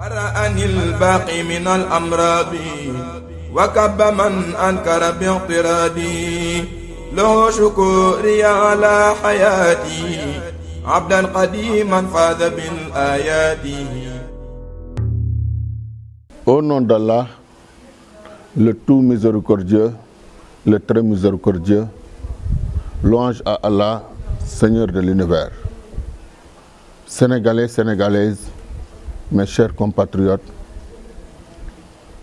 برأني الباقي من الأمراض وكب من أنكر باعتراضي له شكوري على حياتي عبدا قديما فاز بالآيات Au nom d'Allah, le tout miséricordieux, le très louange à Allah, Seigneur de mes chers compatriotes,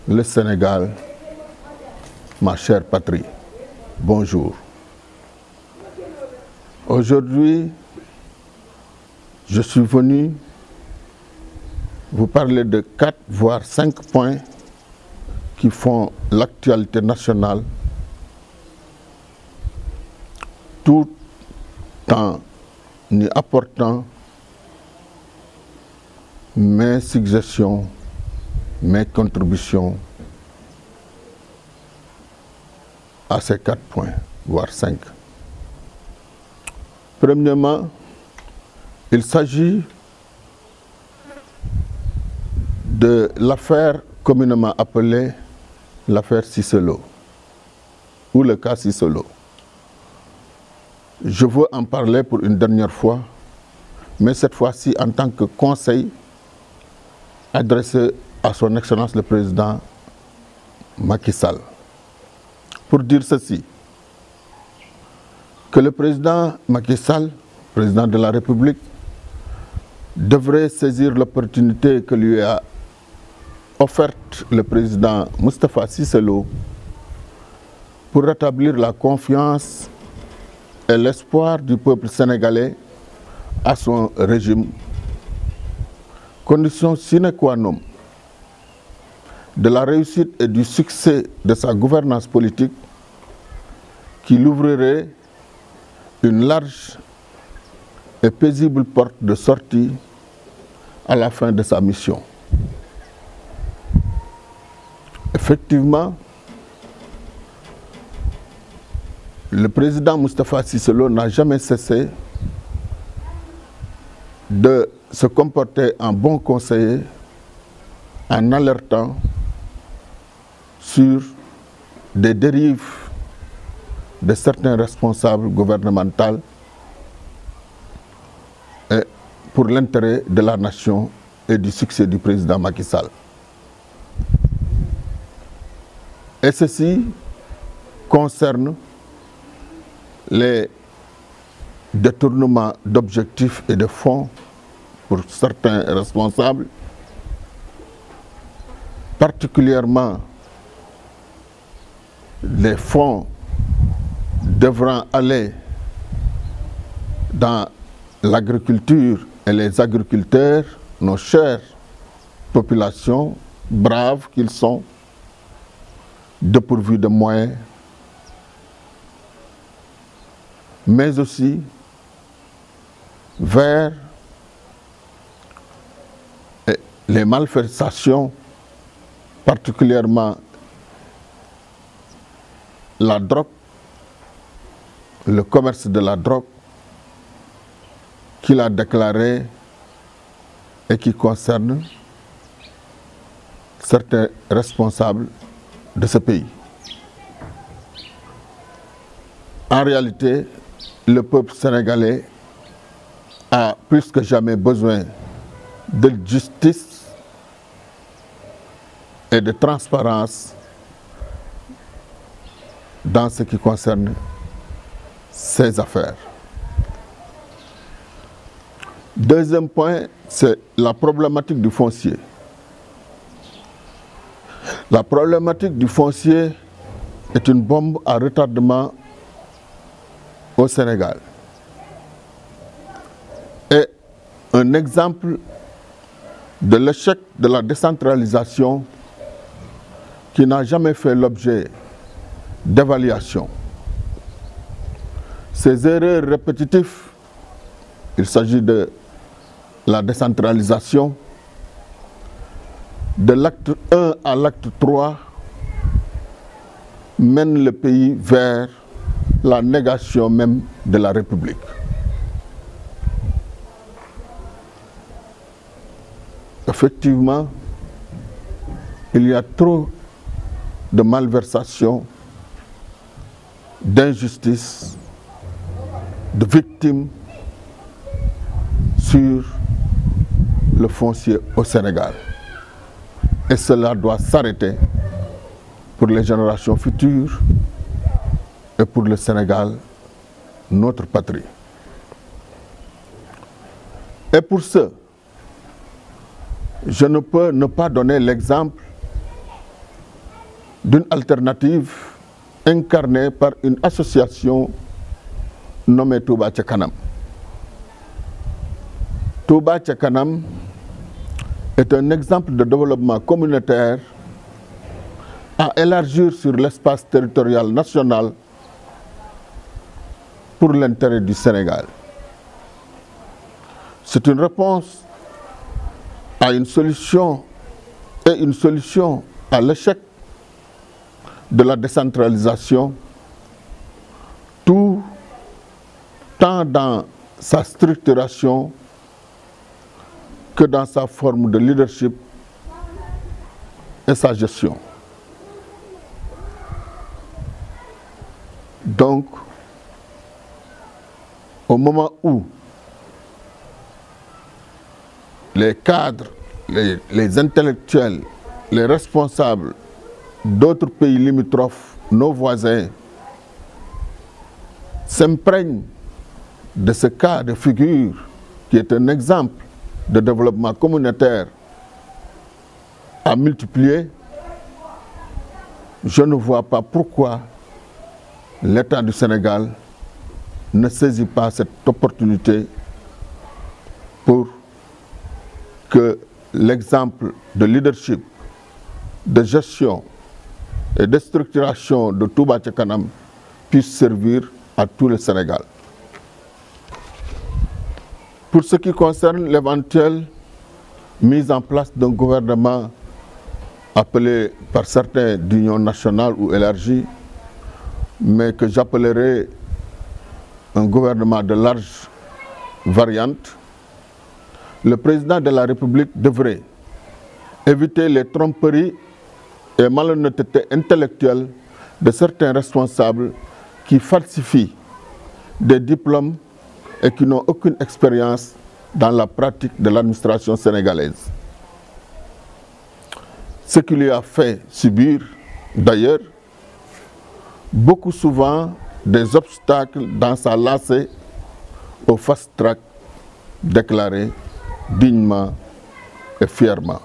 le Sénégal, ma chère patrie, bonjour. Aujourd'hui, je suis venu vous parler de quatre voire cinq points qui font l'actualité nationale tout en y apportant mes suggestions, mes contributions à ces quatre points, voire cinq. Premièrement, il s'agit de l'affaire communément appelée l'affaire Cicelo ou le cas Cicelo. Je veux en parler pour une dernière fois, mais cette fois-ci en tant que conseil adressé à son Excellence le Président Macky Sall pour dire ceci, que le Président Macky Sall, Président de la République, devrait saisir l'opportunité que lui a offerte le Président Moustapha Sisselo pour rétablir la confiance et l'espoir du peuple sénégalais à son régime condition sine qua non de la réussite et du succès de sa gouvernance politique qui l'ouvrirait une large et paisible porte de sortie à la fin de sa mission. Effectivement, le président Moustapha Sisselo n'a jamais cessé de se comporter en bon conseiller en alertant sur des dérives de certains responsables gouvernementaux et pour l'intérêt de la nation et du succès du président Macky Sall. Et ceci concerne les détournements d'objectifs et de fonds pour certains responsables, particulièrement les fonds devront aller dans l'agriculture et les agriculteurs, nos chères populations, braves qu'ils sont, dépourvus de moyens, mais aussi vers les malversations, particulièrement la drogue, le commerce de la drogue, qu'il a déclaré et qui concerne certains responsables de ce pays. En réalité, le peuple sénégalais a plus que jamais besoin de justice et de transparence dans ce qui concerne ses affaires. Deuxième point, c'est la problématique du foncier. La problématique du foncier est une bombe à retardement au Sénégal. Et un exemple de l'échec de la décentralisation qui n'a jamais fait l'objet d'évaluation. Ces erreurs répétitives, il s'agit de la décentralisation, de l'acte 1 à l'acte 3, mène le pays vers la négation même de la République. Effectivement, il y a trop de malversation, d'injustice, de victimes sur le foncier au Sénégal. Et cela doit s'arrêter pour les générations futures et pour le Sénégal, notre patrie. Et pour ce, je ne peux ne pas donner l'exemple d'une alternative incarnée par une association nommée Touba Ca Kanam. Touba Ca Kanam est un exemple de développement communautaire à élargir sur l'espace territorial national pour l'intérêt du Sénégal. C'est une réponse à une solution et une solution à l'échec de la décentralisation, tout tant dans sa structuration que dans sa forme de leadership et sa gestion. Donc, au moment où les cadres, les, les intellectuels, les responsables d'autres pays limitrophes, nos voisins, s'imprègnent de ce cas de figure qui est un exemple de développement communautaire à multiplier, je ne vois pas pourquoi l'État du Sénégal ne saisit pas cette opportunité pour que l'exemple de leadership, de gestion et de structuration de Touba Tchakanam puisse servir à tout le Sénégal. Pour ce qui concerne l'éventuelle mise en place d'un gouvernement appelé par certains d'union nationale ou élargie, mais que j'appellerai un gouvernement de large variante, le président de la République devrait éviter les tromperies et malhonnêteté intellectuelle de certains responsables qui falsifient des diplômes et qui n'ont aucune expérience dans la pratique de l'administration sénégalaise. Ce qui lui a fait subir, d'ailleurs, beaucoup souvent des obstacles dans sa lacée au fast-track déclaré dignement et fièrement.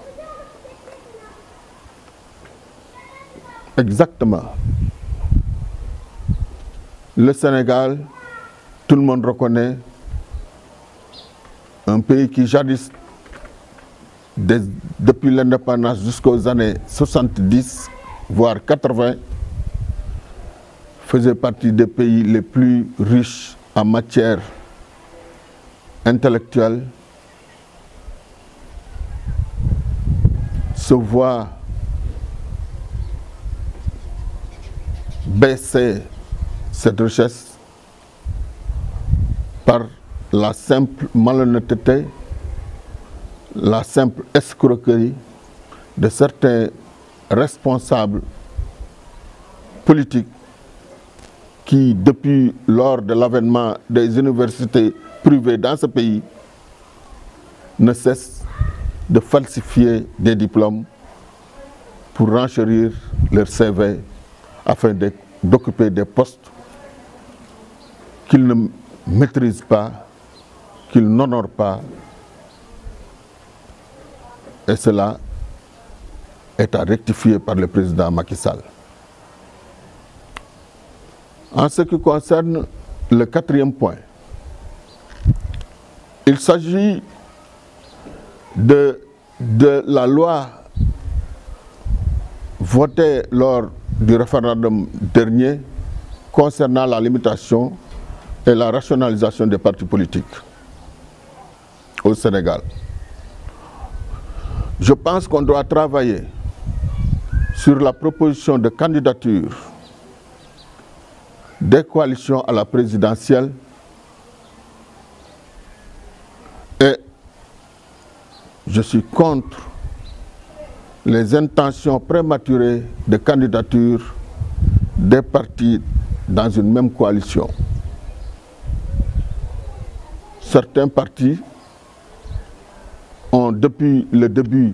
Exactement. Le Sénégal, tout le monde reconnaît un pays qui jadis, des, depuis l'indépendance jusqu'aux années 70, voire 80, faisait partie des pays les plus riches en matière intellectuelle, se voit baisser cette richesse par la simple malhonnêteté, la simple escroquerie de certains responsables politiques qui, depuis lors de l'avènement des universités privées dans ce pays, ne cessent de falsifier des diplômes pour renchérir leur CV afin d'occuper des postes qu'ils ne maîtrisent pas, qu'ils n'honorent pas. Et cela est à par le président Macky Sall. En ce qui concerne le quatrième point, il s'agit de, de la loi votée lors du référendum dernier concernant la limitation et la rationalisation des partis politiques au Sénégal. Je pense qu'on doit travailler sur la proposition de candidature des coalitions à la présidentielle et je suis contre les intentions prématurées de candidature des partis dans une même coalition. Certains partis ont, depuis le début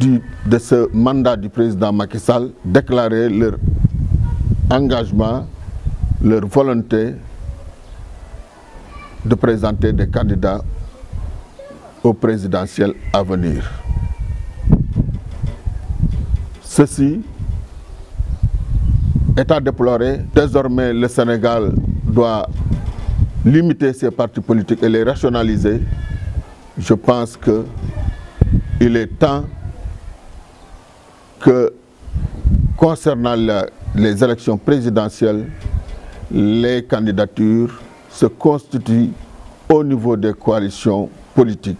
du, de ce mandat du président Macky Sall, déclaré leur engagement, leur volonté de présenter des candidats aux présidentielles à venir. Ceci est à déplorer. Désormais, le Sénégal doit limiter ses partis politiques et les rationaliser. Je pense que il est temps que, concernant les élections présidentielles, les candidatures se constituent au niveau des coalitions politiques.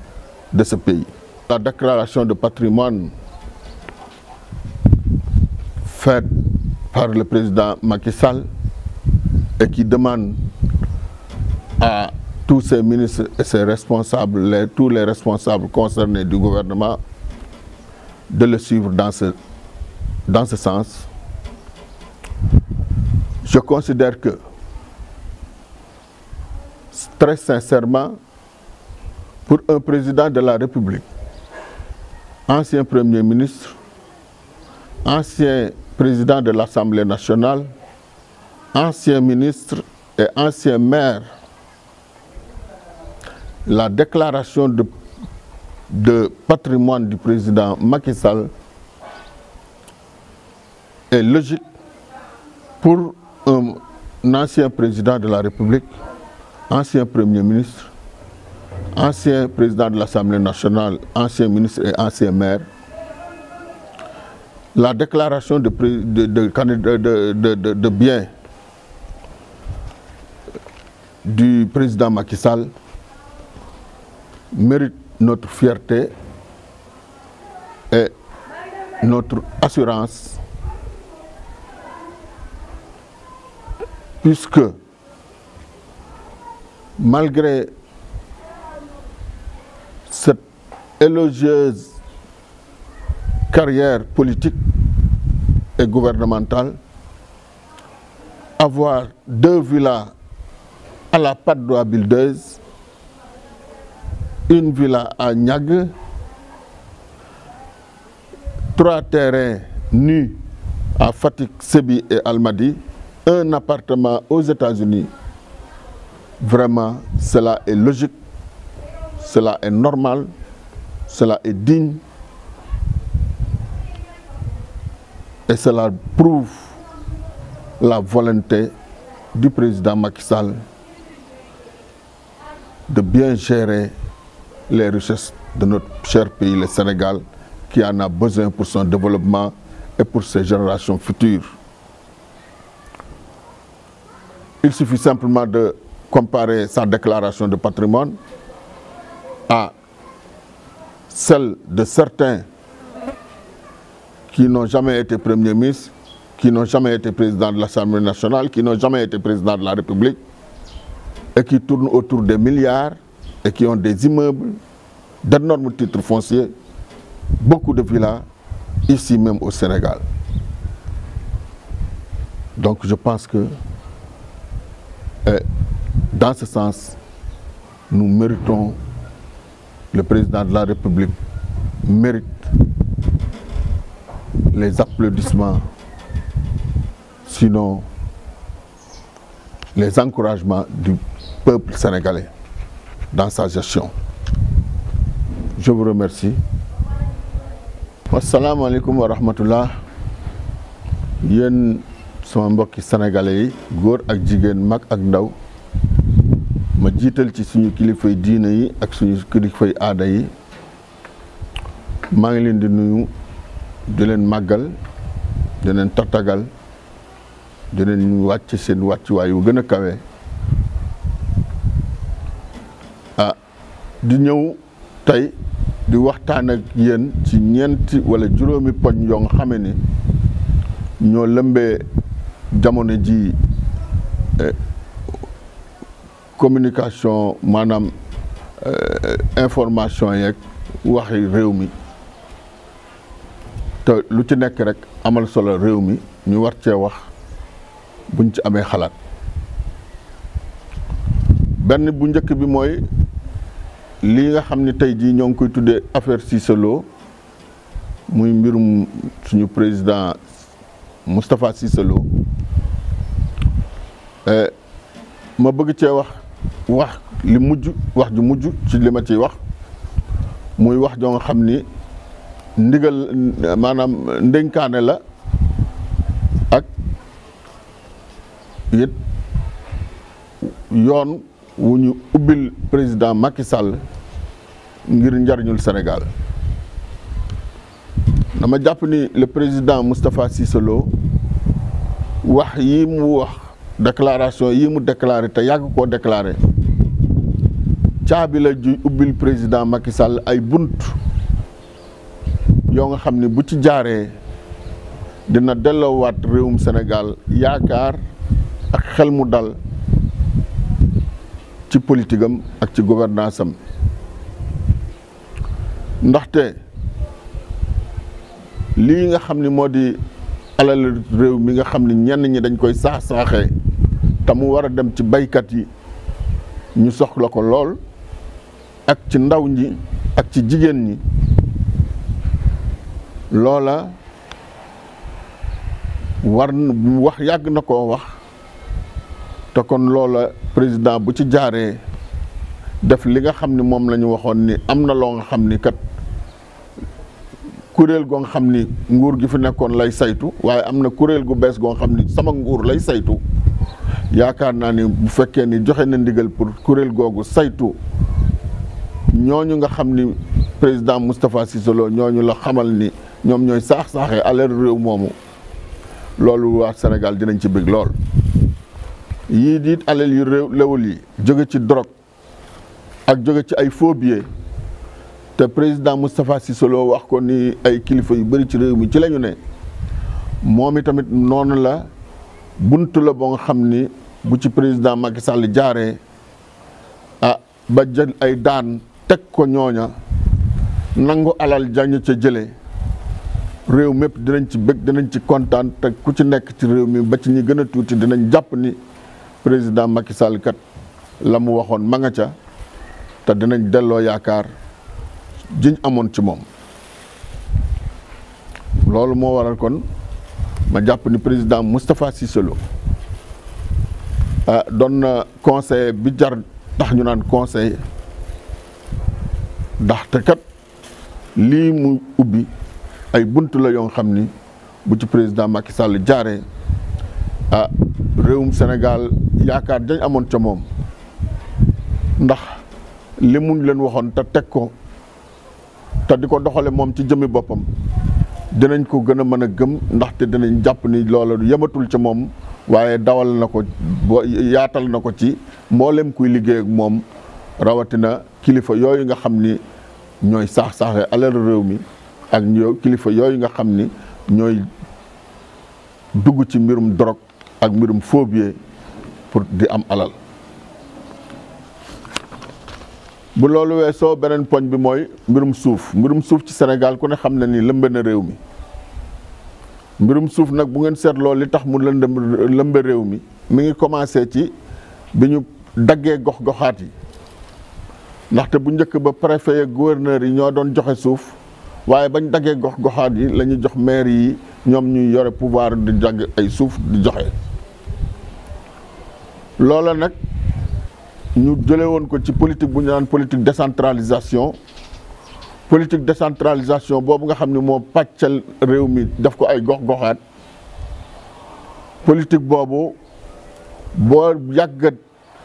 de ce pays. La déclaration de patrimoine faite par le président Macky Sall et qui demande à tous ses ministres et ses responsables, les, tous les responsables concernés du gouvernement, de le suivre dans ce, dans ce sens. Je considère que, très sincèrement, pour un président de la République, ancien Premier ministre, ancien président de l'Assemblée nationale, ancien ministre et ancien maire, la déclaration de, de patrimoine du président Macky Sall est logique pour un ancien président de la République, ancien Premier ministre, ancien président de l'Assemblée nationale, ancien ministre et ancien maire, la déclaration de, de, de, de biens du président Macky Sall mérite notre fierté et notre assurance puisque malgré élogieuse carrière politique et gouvernementale, avoir deux villas à la Padoie deux une villa à Niague, trois terrains nus à Fatik, Sebi et Almadi, un appartement aux États-Unis. Vraiment, cela est logique, cela est normal, cela est digne et cela prouve la volonté du président Macky Sall de bien gérer les richesses de notre cher pays, le Sénégal, qui en a besoin pour son développement et pour ses générations futures. Il suffit simplement de comparer sa déclaration de patrimoine celle de certains qui n'ont jamais été Premier ministre, qui n'ont jamais été président de l'Assemblée nationale, qui n'ont jamais été président de la République, et qui tournent autour des milliards, et qui ont des immeubles, d'énormes titres fonciers, beaucoup de villas, ici même au Sénégal. Donc je pense que eh, dans ce sens, nous méritons le président de la République mérite les applaudissements, sinon les encouragements du peuple sénégalais dans sa gestion. Je vous remercie. Assalamu alaikum wa rahmatullah. yéen sama mbokki sénégalais yi góor ak jigéen mag ak ndaw ma jiital ci suñu kilifay diine yi ak suñu kilifay aada yi maa ngi leen di nuyu di màggal di leen tatagal di leen wàcc seen wàccuwaay yu gën a kawe ah di ñëw tey di waxtaan ak yéen ci ñeenti walla juróomi poñ yoo nga xame ni ñoo lëmbee jamono ji eh, communication maanaam euh, information yeeg waxi réew mi te lu ci nekk rek amal solo réew mi ñu war cee wax buñ ci amee xalaat benn bu njëkk bi mooy lii nga xam ni tey jii ñoo ngi koy tuddee affaire Cissé muy mbirum suñu président Moustapha Cissé Lo euh, ma bëgg cee wax wax li mujj wax ju mujj ci li ma ciy wax muy wax joo nga xam ni ndigal maanaam ndénkaane la ak it yoon wu ñu ubbil président Macky sàll ngir njariñul senegal dama jàpp ni le président Moustapha Cissé Lo wax yi mu wax déclaration yi mu déclaré te yàgg koo déclaré caabila la ju ubbil président Macky Sall ay bunt yoo nga xam ne bu ci jaaree dina delloowaat réewum Sénégal yaakaar ak xel mu dal ci politique ak ci gouvernance am ndaxte lii nga xam ni moo di alal réew mi nga xam ni ñenn ñi dañ koy saax saaxee te mu war a dem ci baykat yi ñu soxla ko lool ak ci ndaw ñi ak ci jigéen ñi loola war wax yàgg na koo wax te kon loola président bu ci jaaree def li nga xam ni moom lañu waxoon ni am na loo nga xam ni kat kuréel goo nga xam ni nguur gi fi nekkoon lay saytu waaye am na kuréel gu bees goo nga xam ni sama nguur lay saytu yaakaar naa ni bu fekkee ni joxe na ndigal pour kuréel googu saytu ñooñu nga xam ni président Moustapha Cissé Lo ñooñu la xamal ni ñoom ñooy saax saaxee alal réew moomu loolu waa Sénégal dinañ ci bég lool. yii diit alal yu réew lewul yi jóge ci drogue ak jóge ci ay faux te président Moustapha Cissé wax ko ni ay kilifa yu bëri ci réew mi ci lañu ne moom i tamit noonu la. bunt la ba nga xam ni bu ci président Macky Sall jaaree ah ba jël ay daan teg ko ñooña nangu alal jañu ca jëlee réew mépp dinañ ci bëgg dinañ ci kontaan teg ku ci nekk ci réew mi ba ci ñi gën a tuuti dinañ jàpp ni président Macky Sall kat la mu waxoon ma ca te dinañ delloo yaakaar jiñ amoon ci moom loolu moo waral kon ma jàpp ni président Moustapha Cissé a ah, doon na conseiller bi jar tax ñu naan conseiller ndaxte kat lii mu ubbi ay bunt la yoo xam ni bu ci président Macky Sall jaare ah réewum Sénégal yaakaar dañ amoon ca moom ndax li mu leen waxoon te teg ko te di ko doxale moom ci jëmmi boppam dinañ ko gën a mën a gëm ndaxte dinañ jàpp ni loola yematul ci moom waaye dawal na ko yaatal na ko ci mboolem kuy liggéey ak moom rawatina kilifa yooyu nga xam ni ñooy saax saaxe alal réew mi ak ñoo kilifa yooyu nga xam ni ñooy dugg ci mbirum drogue ak mbirum phobie pour di am alal. bu loolu soo beneen poñ bi mooy mbirum suuf mbirum suuf ci Sénégal ku ne xam na nii lëmbe réew mi mbirum suuf nag bu ngeen seetloo li tax mu lëndëm lëmbe réew mi mi ngi commencé ci bi ñu daggee gox-goxaat yi ndaxte bu njëkk ba préfet ya gouverneur yi ñoo doon joxe suuf waaye bañ daggee gox-goxaat yi la jox maire yi ñoom ñuy yore pouvoir di dagg ay suuf di joxe loola nag. ñu jëlee woon ko ci politique bu ñu naan politique décentralisation politique décentralisation boobu nga xam ne moo pàccal réew mi def ko ay gox-goxaat politique boobu boo yàggat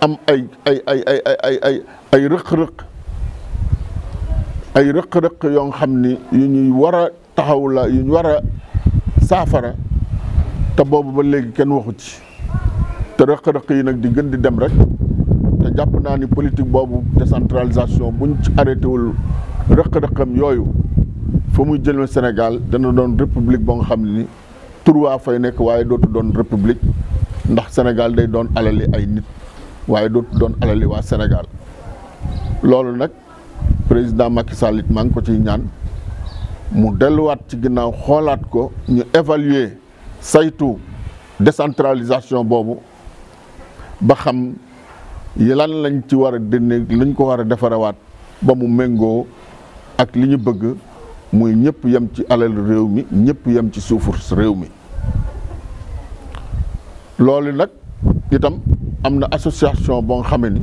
am ay ay ay ay ay ay ay rëq-rëq ay rëq-rëq yoo nga xam ni yu ñuy war a taxaw la yu ñu war a saafara te boobu ba léegi kenn waxu ci te rëq-rëq yi nag di gën di dem rek. te jàpp naa ni politique boobu décentralisation buñ ci arrêté wul rëq-rëqam yooyu fa muy jëlee Sénégal dana doon république ba nga xam ni turwaa fay nekk waaye dootu doon république ndax Sénégal day doon alali ay nit waaye dootu doon alali waa Sénégal loolu nag président Macky Sall it maa ngi ko ciy ñaan mu delluwaat ci ginnaaw xoolaat ko ñu évaluer saytu décentralisation boobu ba xam lan lañ ci war a dindi lañ ko war a defarewaat ba mu méngoo ak li ñu bëgg muy ñëpp yem ci alal réew mi ñëpp yem ci suufu réew mi loolu nag itam am na association boo xamee ni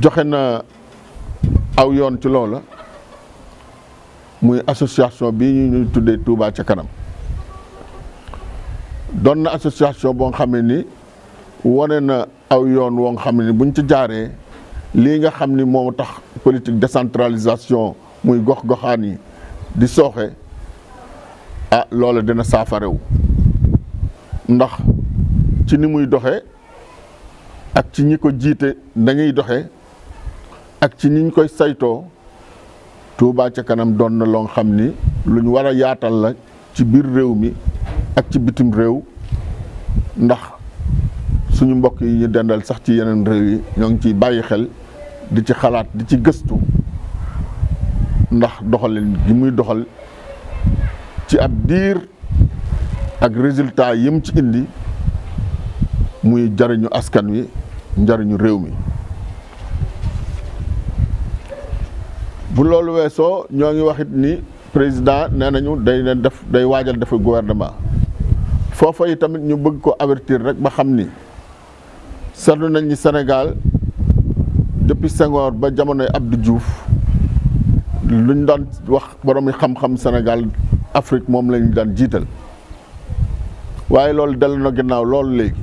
joxe na aw yoon ci loola muy association bi ñu ñuy tuddee Touba ca kanam doon association boo xamee ni wone na aw yoon woo xam ni buñ ci jaaree lii nga xam ni moo tax politique décentralisation muy gox-goxaan yi di sooxe ah loola dina saafarewu ndax ci ni muy doxe ak ci ñi ko jiite dañuy doxe ak ci niñ koy saytoo tuubaa ci kanam doon na loo xam ni lu ñu war a yaatal la ci biir réew mi ak ci bitim réew ndax suñu mbokk yi ñu dendal sax ci yeneen réew yi ñoo ngi ciy bàyyi xel di ci xalaat di ci gëstu ndax doxalin gi muy doxal ci ab diir ak résultat yim ci indi muy jariñu askan wi njariñu réew mi bu loolu weesoo ñoo ngi waxit ni président nee nañu day leen def day waajal dafa gouvernement foofa yi tamit ñu bëgg ko avertir rek ba xam ni seetlu nañ ni Sénégal depuis Senghor ba jamonoy Abdou Diouf luñ daan wax borom xam-xam Sénégal Afrique moom lañu daan jiital waaye loolu dellu na ginnaaw loolu léegi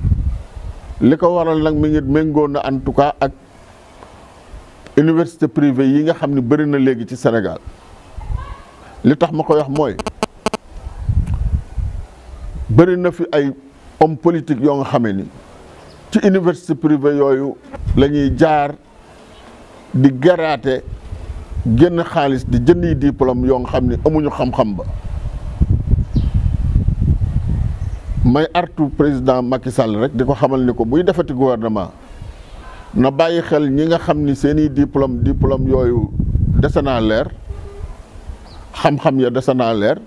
li ko waral nag mi ngi méngoon na en tout cas ak université privée yi nga xam ni bëri na léegi ci Sénégal li tax ma koy wax mooy bëri na fi ay homme politique yoo nga xamee ni ci université privée yooyu la ñuy jaar di garaate génn xaalis di jënd yi diplôme yoo nga xam ni amuñu xam-xam ba may artu président Macky Sall rek di ko xamal ni ko buy defati gouvernement na bàyyi xel ñi nga xam ni seeni diplôme diplôme yooyu dese leer xam-xam ya dese naa leer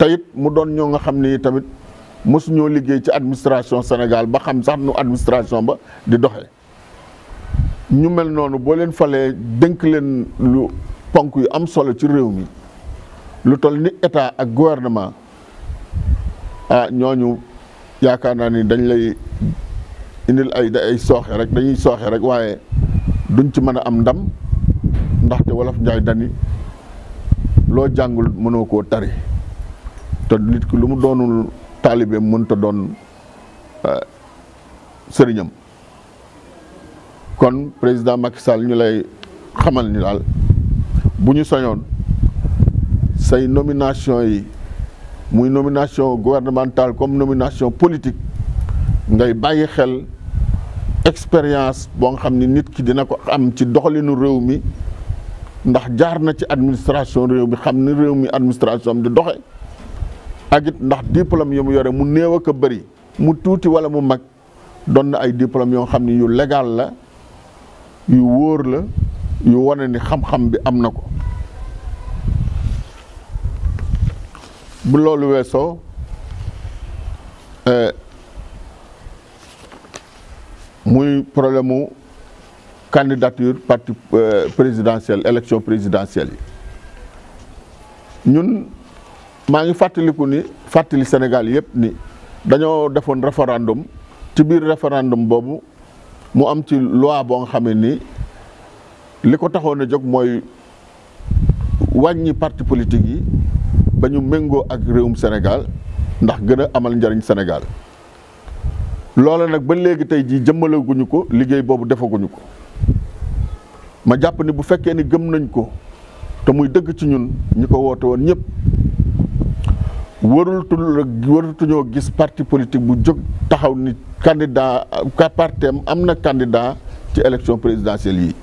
te mu doon ñoo nga xam ni tamit mosuñoo liggéey ci administration Sénégal ba xam sax nu administration ba di doxee ñu mel noonu boo leen falee dënk leen lu ponk yu am solo ci réew mi lu toll ni état ak gouvernement ah ñooñu yaakaar naa ni dañ lay indil ay ay sooxe rek dañuy sooxe rek waaye duñ ci mën a am ndam ndaxte wolof njaay dani loo jàngul mënoo ko tari te nit ki lu mu doonul taalibeem mënta doon euh, sëriñam kon président Macky Sall ñu lay xamal ni daal bu ñu sañoon say nomination yi muy nomination gouvernementale comme nomination politique ngay bàyyi xel expérience boo nga xam ni nit ki dina ko am ci doxalinu réew mi ndax jaar na ci administration réew mi xam ni réew mi administration am di doxe agit ndax diplôme yi mu yore mu néew ak a bëri mu tuuti wala mu mag doon na ay diplôme yoo xam ni yu légal la yu wóor la yu wane ni xam-xam bi am na ko bu loolu weesoo eh, muy problème mu candidature parti eh, présidentielle élection présidentielle yi maa ngi fàttaliku ni fàttali Sénégal yëpp ni dañoo defoon référendum ci biir référendum boobu mu am ci loi boo nga xamee ni li ko taxoon a jóg mooy wàññi parti politique yi ba ñu méngoo ak réewum Sénégal ndax gën a amal njariñ Sénégal loola nag ba léegi tey jii jëmmalaguñu ko liggéey boobu defaguñu ko ma jàpp ni bu fekkee ni gëm nañ ko te muy dëgg ci ñun ñi ko woote woon ñëpp warul waratuñoo gis parti politique bu jóg taxaw ni candidat partem am na candidat ci élection présidentielle yi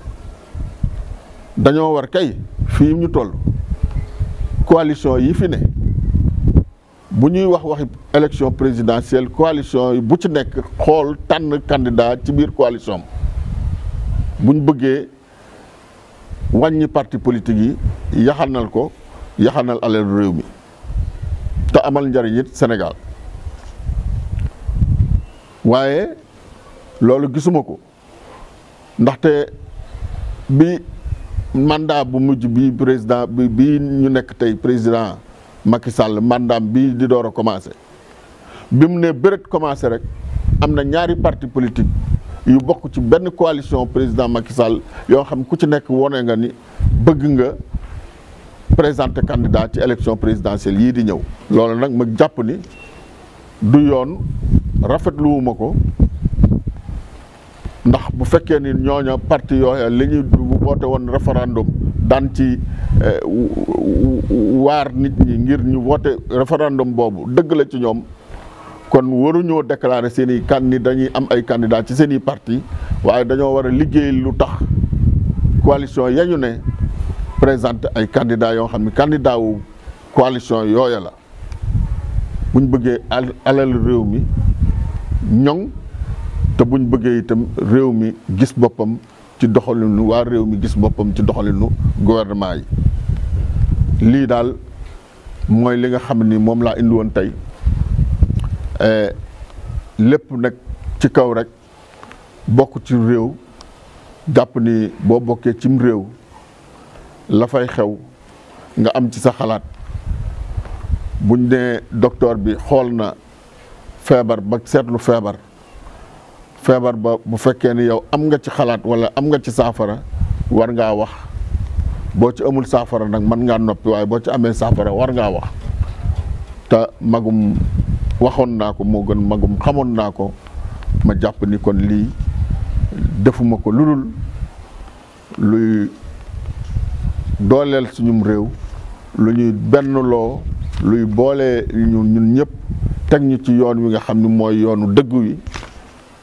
dañoo war kay fii ñu toll coalition yi fi ne bu ñuy wax waxi élection présidentielle coalition yi bu ci nekk xool tànn candidat ci biir coalition bu ñu bëggee wàññi parti politique yi yaxanal ko yaxanal alal réew mi te amal njëriñ it Sénégal waaye loolu gisuma ko ndaxte bi mandat bu mujj bi président bi bii ñu nekk tey président Macky Sall mandat bii di door a commencé bi mu ne bërët commencé rek am na ñaari parti politique yu bokk ci benn coalition président Macky Sall yoo xam ku ci nekk wone nga ni bëgg nga présente candidat ci élection présidentielle yii di ñëw loolu nag ma jàpp ni du yoon rafetluwuma ko ndax bu fekkee ni ñooña parti yooya li ñuy woote woon référendum daan ci eh, waar nit ñi ngir ñu woote référendum boobu dëgg la ci ñoom kon waruñoo déclarer seen i kan ni dañuy am ay candidat ci seen i parti waaye dañoo war a liggéey lu tax coalition yañu ne présenté ay candidats yoo xam ne candidat wu coalition yooya la buñ bëggee alal réew mi ñoŋ te buñ bëggee itam réew mi gis boppam ci doxalinu waa réew mi gis boppam ci doxalinu gouvernement yi lii daal mooy li nga xam ni moom laa indi woon tey eh, lépp nag ci kaw rek bokk ci réew jàpp ni boo bokkee cim réew lafay xew nga am ci sa xalaat bu ne docteur bi xool na feebar ba seetlu feebar feebar ba bu fekkee ni yow am nga ci xalaat wala am nga ci saafara war ngaa wax boo ci amul saafara nag mën ngaa noppi waaye boo ci amee saafara war ngaa wax te magum waxoon naa ko moo gën magum xamoon naa ko ma jàpp ni kon lii defuma ko lulul luy dooleel suñum réew lu ñuy benn loo luy boole ñu ñun ñëpp teg ñu ci yoon wi nga xam ni mooy yoonu dëgg wi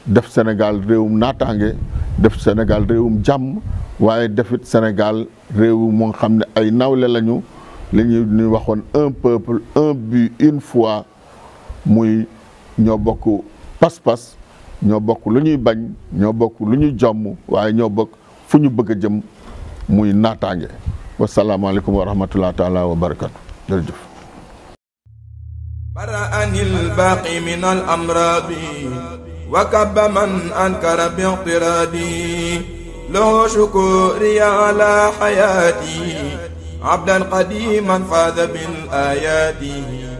def Sénégal réewum naataange def Sénégal réewum jàmm waaye defit Sénégal réew moo xam ne ay nawle lañu li ñuy waxoon un peuple un but une foi muy ñoo bokk pas-pas ñoo bokk lu ñuy bañ ñoo bokk lu ñuy jomm waaye ñoo bokk fu ñu bëgg jëm muy nataange wasalaamaaleykum wa rahmatullahi taala wa barakatu jërëjëf برأني الباقي من الأمراض وكب من أنكر باعتراضي له شكوري على حياتي عبدا قديما فاز بالآيات